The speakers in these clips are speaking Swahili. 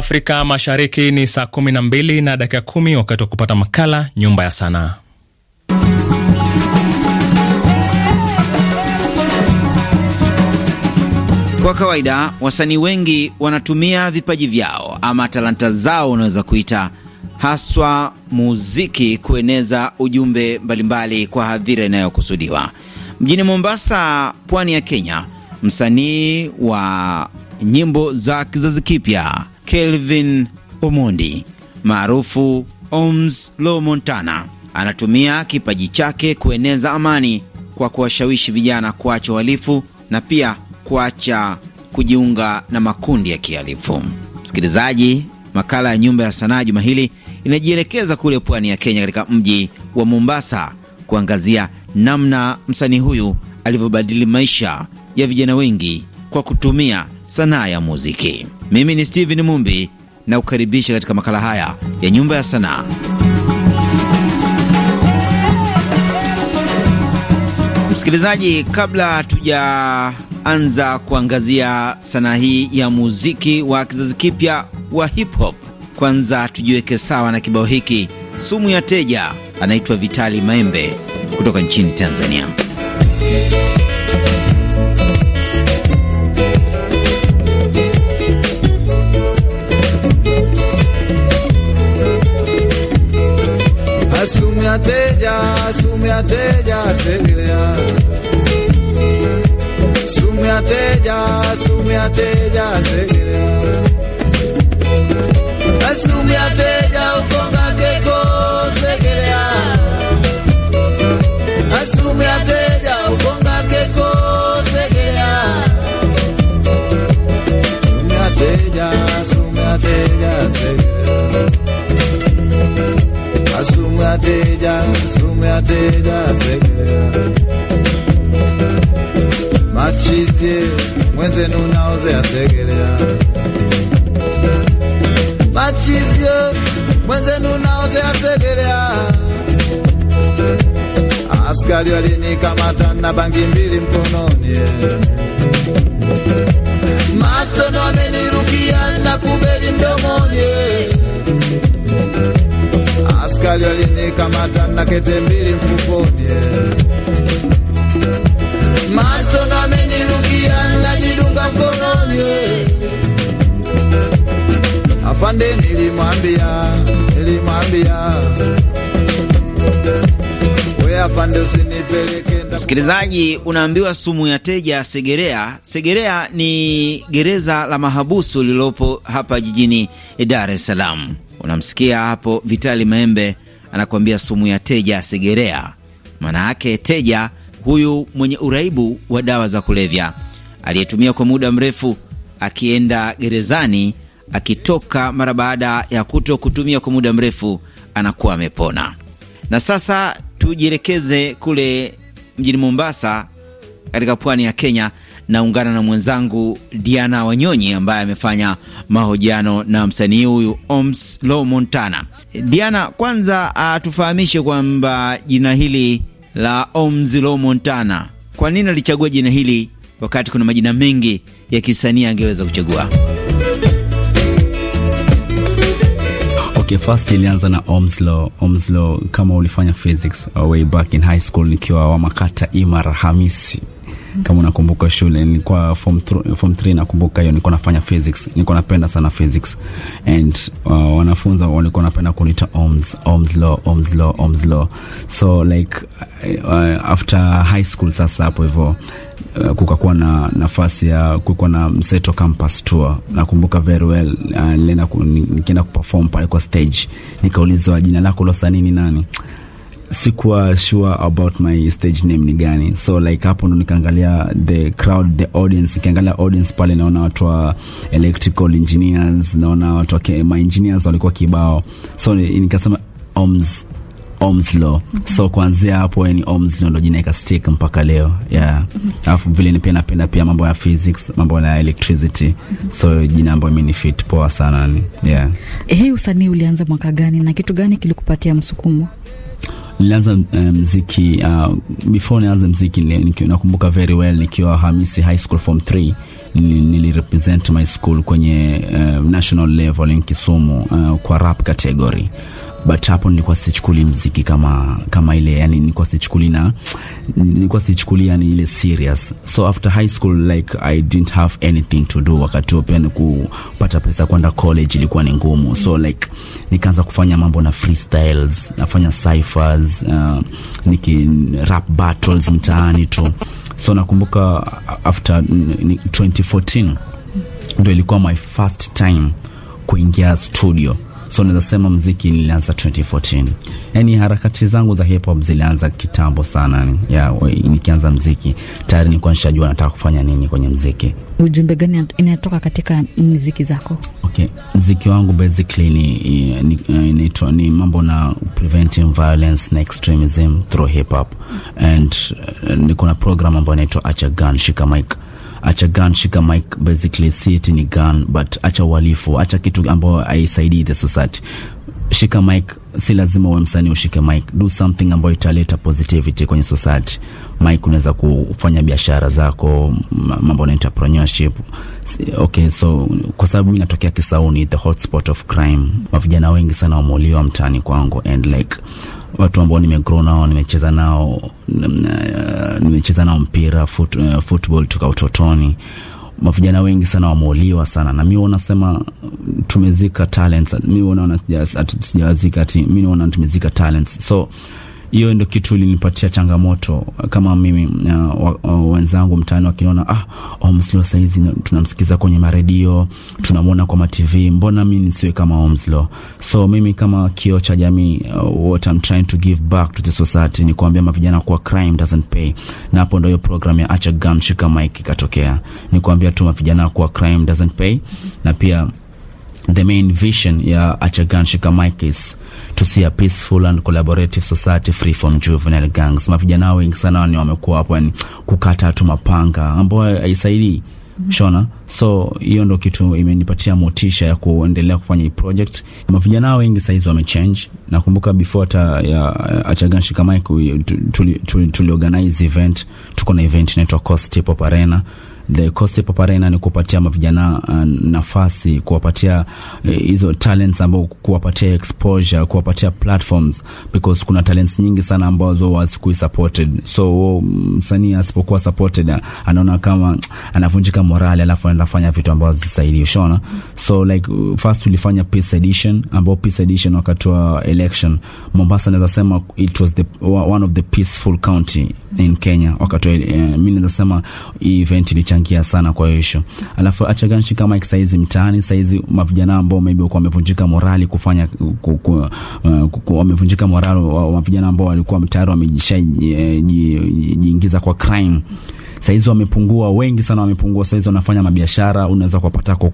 Afrika Mashariki ni saa 12 na dakika kumi wakati wa kupata makala Nyumba ya Sanaa. Kwa kawaida wasanii wengi wanatumia vipaji vyao ama talanta zao, unaweza kuita haswa muziki, kueneza ujumbe mbalimbali kwa hadhira inayokusudiwa. Mjini Mombasa, pwani ya Kenya, msanii wa nyimbo za kizazi kipya Kelvin Omondi maarufu Oms Low Montana anatumia kipaji chake kueneza amani kwa kuwashawishi vijana kuacha uhalifu na pia kuacha kujiunga na makundi ya kihalifu. Msikilizaji, makala ya Nyumba ya Sanaa juma hili inajielekeza kule pwani ya Kenya, katika mji wa Mombasa, kuangazia namna msanii huyu alivyobadili maisha ya vijana wengi kwa kutumia sanaa ya muziki. Mimi ni Steven Mumbi na kukaribisha katika makala haya ya Nyumba ya Sanaa. Msikilizaji, kabla tujaanza kuangazia sanaa hii ya muziki wa kizazi kipya wa hip hop, kwanza tujiweke sawa na kibao hiki sumu ya teja. Anaitwa Vitali Maembe kutoka nchini Tanzania. sumiate ya, sevilla. Sumiate ya, sumiate ya, sevilla. Sumiate ya, ukonga sume a Sumiate ateja, sumu ya teja segelea machizye mwenzenu naoze asegelea machizye mwenzenu naoze asegelea askari walinikamata na bangi mbili mkononi mastono amenirukia na kubeli kamata na kete mbili mfukoni eh. maso na amenirukia najidunga mkononi eh. afande nilimwambia nilimwambia afande Msikilizaji, unaambiwa sumu ya teja Segerea. Segerea ni gereza la mahabusu lililopo hapa jijini Dar es Salaam. Unamsikia hapo Vitali Maembe anakuambia sumu ya teja Segerea. Maana yake teja huyu mwenye uraibu wa dawa za kulevya aliyetumia kwa muda mrefu akienda gerezani, akitoka mara baada ya kuto kutumia kwa muda mrefu anakuwa amepona. Na sasa tujielekeze kule mjini Mombasa katika pwani ya Kenya naungana na mwenzangu Diana Wanyonyi ambaye amefanya mahojiano na msanii huyu Oms Low Montana. Diana, kwanza atufahamishe ah, kwamba jina hili la Oms Low Montana, kwa nini alichagua jina hili wakati kuna majina mengi ya kisanii angeweza kuchagua? Okay, first ilianza na Omslo. Omslo kama ulifanya physics uh, way back in high school, nikiwa wa Makata Imara Hamisi kama unakumbuka shule, nilikuwa form 3 form 3 nakumbuka hiyo, nilikuwa nafanya physics, nilikuwa napenda sana physics and uh, wanafunzi walikuwa napenda kuniita ohms ohms law ohms law ohms law, so like uh, after high school sasa hapo hivyo Uh, kukakuwa na nafasi ya kukuwa na mseto campus tour, nakumbuka very well. Uh, nilienda nikienda kuperform pale kwa stage, nikaulizwa jina lako losanii ni nani? sikuwa sure about my stage name ni gani, so like hapo ndo nikaangalia the crowd, the audience. Nikiangalia audience pale, naona watu wa electrical engineers, naona watu wa my engineers walikuwa kibao, so nikasema OMS Omslo. Mm -hmm. So kuanzia hapo ni Omslo ndo jina ikastick mpaka leo. Yeah. Mm -hmm. Alafu vile ni pia napenda pia mambo ya physics, mambo ya electricity. Mm -hmm. So jina ambayo mimi ni fit poa sana ni. Yeah. Eh, usanii ulianza mwaka gani na kitu gani kilikupatia msukumo? nilianza eh, mziki uh, before nianze mziki nakumbuka very well nikiwa Hamisi High School form 3 nilirepresent my school kwenye uh, national level in Kisumu uh, kwa rap category but hapo nilikuwa sichukuli mziki kama kama ile yani, nilikuwa sichukuli na nilikuwa sichukuli yani ile serious. So after high school like I didn't have anything to do, wakati huo pia kupata pesa kwenda college ilikuwa ni ngumu, so like nikaanza kufanya mambo na freestyles, nafanya cyphers, uh, niki rap battles mtaani tu. So nakumbuka after 2014 ndo ilikuwa my first time kuingia studio So naweza sema mziki nilianza 2014, yani harakati zangu za hip hop zilianza kitambo sana ni. ya nikianza mziki tayari nilikuwa nishajua nataka kufanya nini kwenye mziki. Ujumbe gani inatoka katika mziki zako? Okay, mziki wangu basically ni inaitwa ni, ni mambo na preventing violence na extremism through hip hop and uh, niko na program ambayo inaitwa Acha Gun Shika mike acha gun, shika mic, basically see it ni gun, but acha uhalifu, acha kitu ambayo aisaidi the society. Shika mic, si lazima uwe msanii ushike mic, do something ambayo italeta positivity kwenye society. Mic unaweza kufanya biashara zako, mambo na entrepreneurship. Okay, so kwa sababu mimi natokea Kisauni, the hotspot of crime, mavijana wengi sana wameuliwa mtaani kwangu and like watu ambao nimegrow nao, nimecheza nao, mm, eh, nimecheza nao mpira fut, uh, eh, football toka utotoni. Mavijana wengi sana wameuliwa sana, na mi nasema tumezika talents. Mi naona sijawazika, ati mi naona tumezika talents so hiyo ndio kitu ilinipatia changamoto kama mimi uh, uh wenzangu mtaani wakiniona, ah, Omslo saizi tunamsikiza kwenye maredio, tunamwona kwa matv, mbona mi nisiwe kama Omslo? So mimi kama kio cha jamii, uh, what I'm trying to give back to the society ni kuambia mavijana kuwa crime doesn't pay, na hapo ndio hiyo program ya acha gun shika mike ikatokea, ni kuambia tu mavijana kuwa crime doesn't pay, na pia the main vision ya acha gun shika mike is see a Peaceful and Collaborative Society Free from Juvenile Gangs. Mavijana wengi sana ni wamekuwa hapo yani kukata tu mapanga ambayo haisaidii Shona, so hiyo ndo kitu imenipatia motisha ya kuendelea kufanya hii project. Mavijana wengi saizi wamechange. Nakumbuka before hata ya Achagan Shikamai tuliorganize tuli, tuli event, tuko na event inaitwa Coast Hip Hop Arena the cost of Arena ni kupatia mavijana uh, nafasi, kuwapatia eh, hizo uh, talents ambao, kuwapatia exposure, kuwapatia platforms because kuna talents nyingi sana ambazo wasikui supported. So msanii um, asipokuwa supported, uh, anaona kama anavunjika morale, alafu anafanya vitu ambazo zisaidii ushona. So like first tulifanya peace edition, ambao peace edition wakati wa election Mombasa, naweza sema it was the one of the peaceful county in Kenya wakati, uh, mimi naweza sema event ilichangia inachangia sana kwa hiyo. Alafu achaganshi kama saizi mtaani saizi mavijana ambao maybe walikuwa wamevunjika morali kufanya uh, wamevunjika morali mavijana ambao walikuwa tayari wameshajiingiza eh, kwa crime saizi wamepungua, wengi sana wamepungua. Saizi wanafanya mabiashara, unaweza kuwapata kwa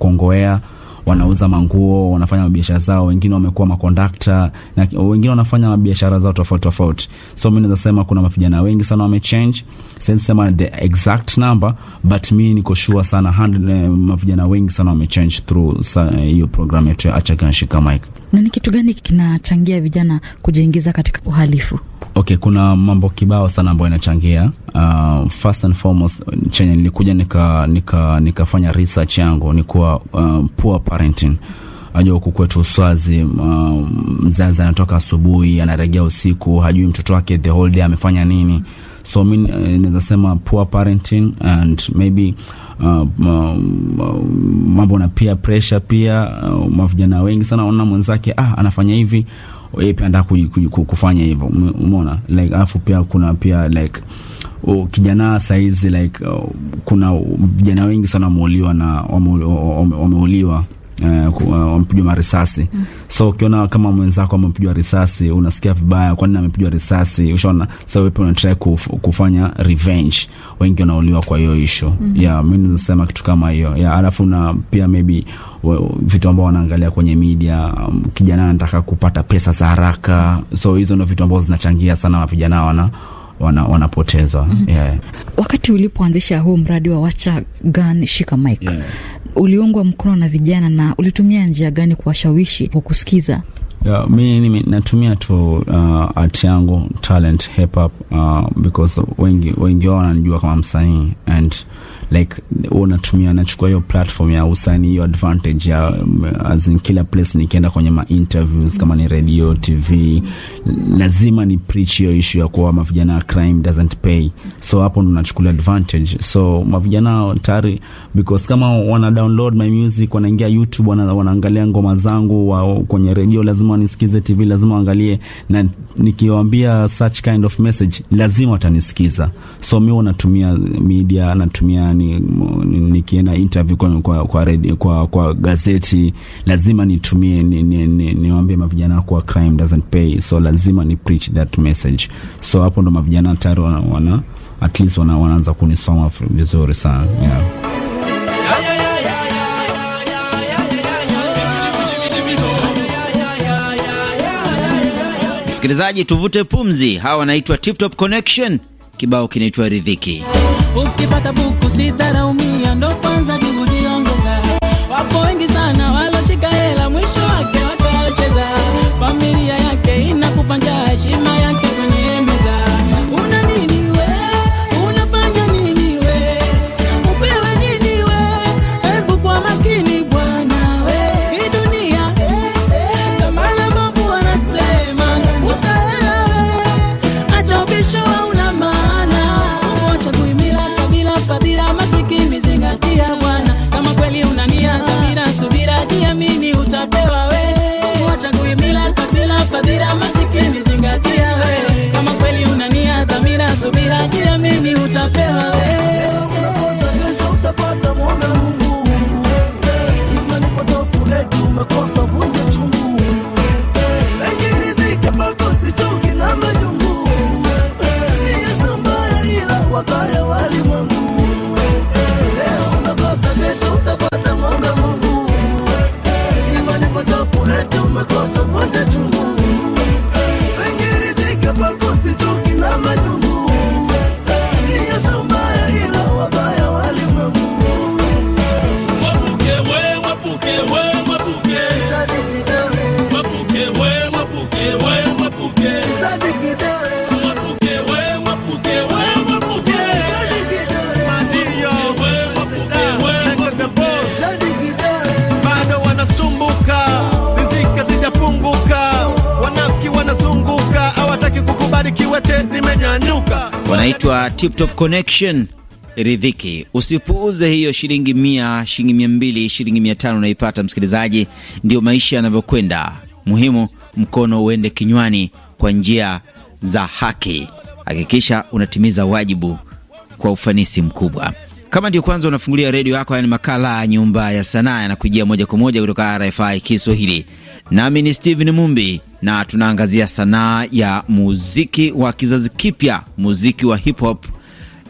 wanauza manguo, wanafanya biashara zao, wengine wamekuwa makondakta na wengine wanafanya biashara zao tofauti tofauti. So mimi naweza sema kuna mavijana wengi sana wamechange, siwezi sema the exact number but mimi niko sure sana 100 eh, mavijana wengi sana wamechange through hiyo program yetu ya Acha Ganshi kama hiki. Na ni kitu gani kinachangia vijana kujiingiza katika uhalifu? Okay, kuna mambo kibao sana ambayo inachangia. Uh, first and foremost chenye nilikuja nika nika nikafanya research yangu ni kuwa um, poor parenting. huku kwetu Uswazi, um, mzazi anatoka asubuhi, anaregea usiku, hajui mtoto wake the whole day amefanya nini. mm -hmm so mi uh, naweza sema poor parenting and maybe Uh, mambo na pia pressure pia uh, mavijana wengi sana ona mwenzake ah, anafanya hivi yeye pia anataka kufanya hivyo, umeona like. Alafu pia kuna pia like oh, kijana saizi like uh, kuna vijana wengi sana wameuliwa na wameuliwa uh, wamepigwa mm. So ukiona kama mwenzako amepigwa risasi unasikia vibaya, kwani amepigwa risasi? Ushaona, sa wewe unatrai kuf, kufanya revenge, wengi wanauliwa kwa hiyo issue mm. Yeah, nasema kitu kama hiyo yeah, alafu na pia maybe vitu ambao wanaangalia kwenye media um, kijana anataka kupata pesa za haraka, so hizo ndo vitu ambao zinachangia sana vijana wana wana, wanapoteza mm -hmm. yeah. Wakati ulipoanzisha huu mradi wa wacha gun shika mic yeah. uliungwa mkono na vijana na ulitumia njia gani kuwashawishi kwa kusikiza? Yeah, mi natumia tu uh, art yangu talent hip hop uh, because wengi wengi wao wananijua kama msanii and like unatumia unachukua hiyo platform ya usani hiyo advantage ya um, as in kila place nikienda kwenye ma interviews kama ni radio, TV, lazima ni preach hiyo issue ya kuwa mavijana crime doesn't pay. So hapo ndo unachukua advantage. So mavijana tayari because kama wana download my music, wanaingia YouTube, wana, wanaangalia ngoma zangu wa, kwenye radio lazima wanisikize, TV lazima waangalie, na nikiwaambia such kind of message lazima watanisikiza. So mimi unatumia media, natumia ni, nikienda interview kwa, kwa, kwa, radio, kwa, kwa gazeti lazima nitumie niwaambie ni, ni, ni mavijana kuwa crime doesn't pay, so lazima ni preach that message. So hapo ndo mavijana tayari wana, wana, at least wana, wanaanza kunisoma vizuri sana yeah. Msikilizaji, tuvute pumzi. Hawa wanaitwa Tip Top Connection. Kibao kinaitwa Ridhiki. Ukipata buku sidharaumia, ndo kwanza juhudi Wapo wengi sana waloshika hela, mwisho wake wakaocheza familia yake inakufanja what the hell? Inaitwa Tiptop Connection. Ridhiki, usipuuze hiyo shilingi mia, shilingi mia mbili, shilingi mia tano unaipata msikilizaji. Ndio maisha yanavyokwenda. Muhimu mkono uende kinywani kwa njia za haki. Hakikisha unatimiza wajibu kwa ufanisi mkubwa. Kama ndio kwanza unafungulia redio yako, yani makala ya Nyumba ya Sanaa yanakujia moja kwa moja kutoka RFI Kiswahili nami ni Steven Mumbi na tunaangazia sanaa ya muziki wa kizazi kipya, muziki wa hip hop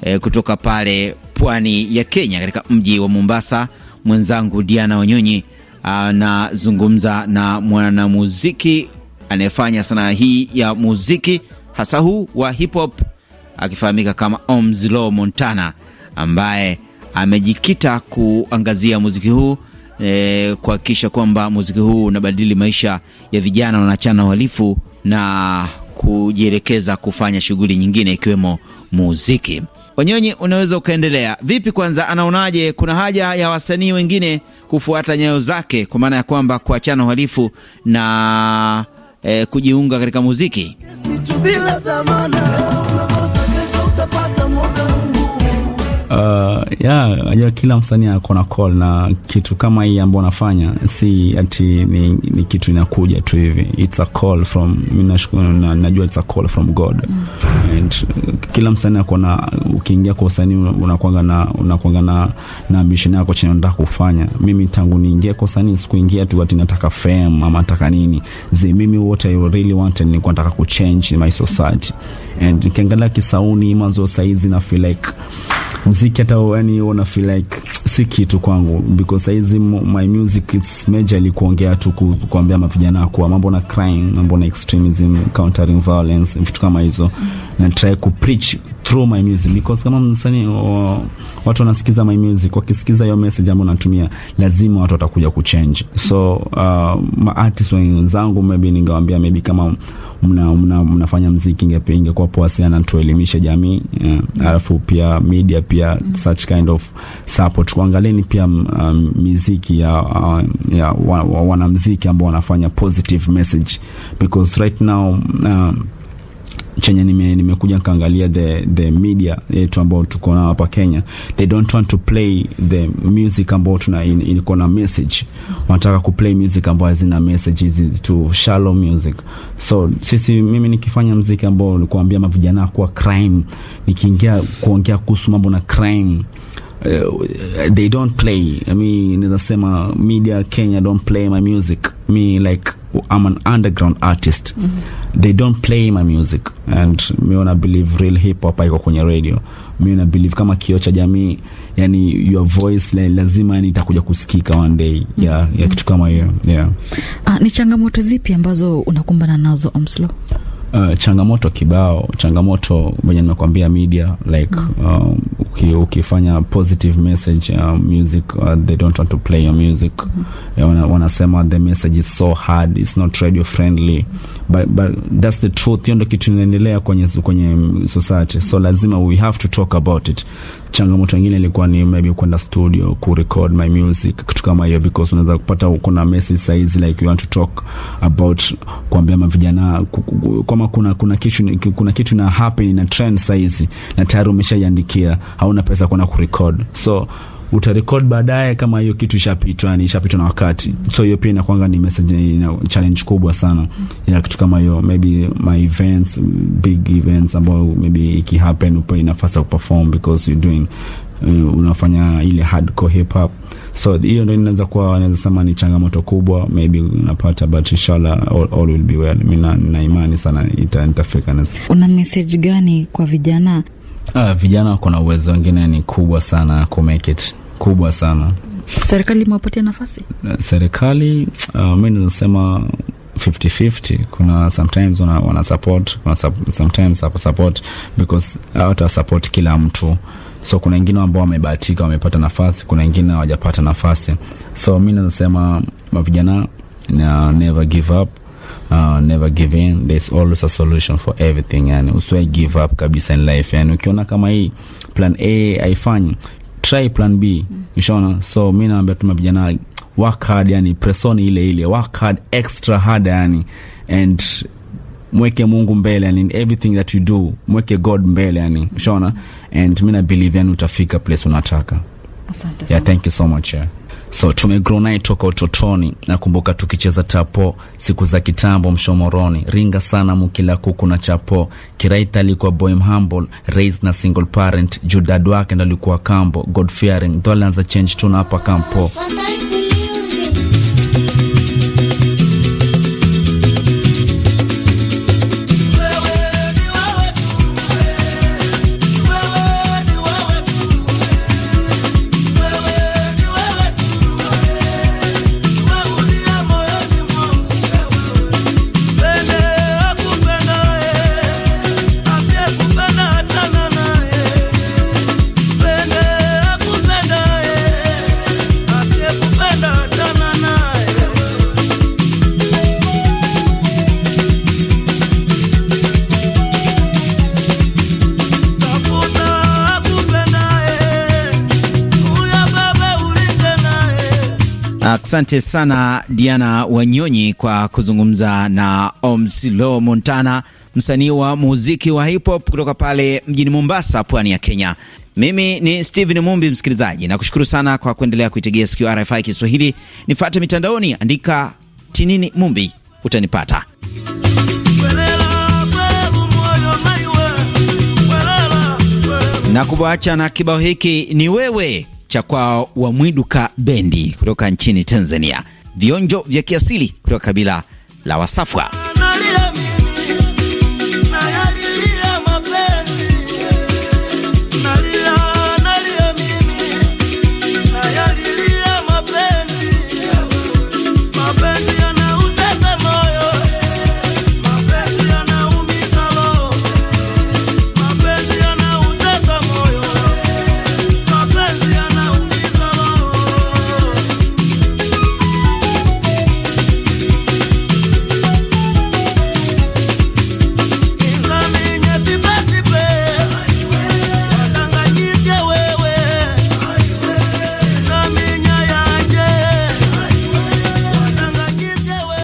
e, kutoka pale pwani ya Kenya katika mji wa Mombasa. Mwenzangu Diana Wanyonyi anazungumza na mwanamuziki anayefanya sanaa hii ya muziki hasa huu wa hip hop akifahamika kama Omzlo Montana ambaye amejikita kuangazia muziki huu eh, kuhakikisha kwamba muziki huu unabadili maisha ya vijana wanaachana uhalifu na kujielekeza kufanya shughuli nyingine ikiwemo muziki. Wanyonyi, unaweza ukaendelea vipi? Kwanza, anaonaje kuna haja ya wasanii wengine kufuata nyayo zake, kwa maana ya kwamba kuachana uhalifu na eh, kujiunga katika muziki? Uh, ya yeah, kila msanii ako na call na kitu kama hii ambayo nafanya, si ati ni, ni kitu inakuja tu hivi, it's a call from minashukuru na, najua it's a call from God mm. And kila msanii ako na, ukiingia kwa usanii unakuanga na unakuanga na na ambition yako chini unataka kufanya. Mimi tangu niingie kwa usanii sikuingia tu ati nataka fame ama nataka nini ze, mimi what I really wanted nilikuwa nataka ku change my society and nikiangalia Kisauni mazo saizi na feel like mziki hata yani una feel like si kitu kwangu because saizi my music it's majorly kuongea tu kuambia mavijana kuwa mambo na crime, mambo na extremism, countering violence, vitu kama hizo mm. na try ku preach through my music because kama msanii watu wanasikiza my music, wakisikiza hiyo message ambayo natumia, lazima watu watakuja kuchange. So uh, ma artist wenzangu maybe ningewaambia maybe kama mna, mna, mnafanya mziki ingekuwa poa sana tuelimishe jamii yeah. alafu pia media pia pia mm -hmm. such kind of support. Kuangaleni pia um, um, miziki ya, uh, ya wanamziki wa, wa, ambao wanafanya positive message because right now um, chenye nimekuja nime nikaangalia the, the media yetu ambao tuko nao hapa Kenya, they don't want to play the music ambao tuna iko na message. Wanataka kuplay music ambao hazina message, hizi tu shallow music. So sisi, mimi nikifanya mziki ambao nikuambia mavijana kuwa crime, nikiingia kuongea kuhusu mambo na crime uh, they don't play mi ninasema media Kenya don't play my music mi like I'm an underground artist mm -hmm. they don't play my music and mi wanna believe real hip hop iko kwenye radio mi wanna believe kama kio cha jamii yani your voice la, lazima yani itakuja kusikika one day mm -hmm. ya, yeah, ya kitu kama hiyo yeah. Uh, ni changamoto zipi ambazo unakumbana nazo Omslo? Uh, changamoto kibao, changamoto mwenye nimekwambia media like mm. um, ukifanya positive message uh, music uh, they don't want to play your music mm -hmm. wana, wanasema the message is so hard it's not radio friendly but, but that's the truth. Hiyo ndo kitu inaendelea kwenye kwenye society, so lazima we have to talk about it. Changamoto nyingine ilikuwa ni maybe kwenda studio ku record my music, kitu kama hiyo, because unaweza kupata kuna message size like you want to talk about kuambia mavijana kama kuna kuna kitu kuna kitu na happen na trend size na tayari umeshaiandikia, hauna pesa kwenda ku record so utarekod baadaye kama hiyo kitu ishapitwa, yani ishapitwa na wakati. So hiyo pia inakwanga ni message, ina challenge kubwa sana ya kitu kama hiyo, maybe my events, big events ambayo maybe iki happen upe nafasi ya kuperform because you doing uh, unafanya ile hardcore hip hop. So hiyo ndio inaweza kuwa naweza sema ni changamoto kubwa maybe unapata, but inshallah all, all will be well. Mimi na imani sana ita nitafika. Una message gani kwa vijana Uh, vijana wako na uwezo, wengine ni kubwa sana ku make it kubwa sana. Serikali imewapatia nafasi? Serikali uh, mi nasema 50-50. Kuna sometimes wana, wana support, kuna sub, sometimes hapo support because hata support kila mtu so kuna wengine ambao wamebahatika wamepata nafasi, kuna wengine hawajapata nafasi. So mi nasema vijana na never give up uh, never giving, there's always a solution for everything. Yani usiwe give up kabisa in life. Yani ukiona kama hii plan A haifanyi, try plan B. Mm. Ushaona? So mimi naambia tu mapijana work hard, yani presoni ile ile, work hard extra hard yani and mweke Mungu mbele yani, everything that you do mweke God mbele yani, ushaona? Mm. And mimi na believe yani utafika place unataka. Asante sana. Yeah, thank you so much. Yeah. So tumegrow naye toka utotoni. Nakumbuka tukicheza tapo siku za kitambo Mshomoroni, ringa sana mukila kuku na chapo. Kiraita alikuwa boy humble, raised na single parent. Juu dad wake ndo alikuwa kambo, God fearing, dola za change tuna hapa kampo Asante sana Diana Wanyonyi kwa kuzungumza na Omsilo Montana, msanii wa muziki wa hip hop kutoka pale mjini Mombasa, pwani ya Kenya. Mimi ni Steven Mumbi, msikilizaji na kushukuru sana kwa kuendelea kuitegea sikio RFI Kiswahili. nifate mitandaoni, andika tinini Mumbi utanipata. Na kuacha na kibao hiki ni wewe cha kwa Wamwiduka bendi kutoka nchini Tanzania, vionjo vya kiasili kutoka kabila la Wasafwa.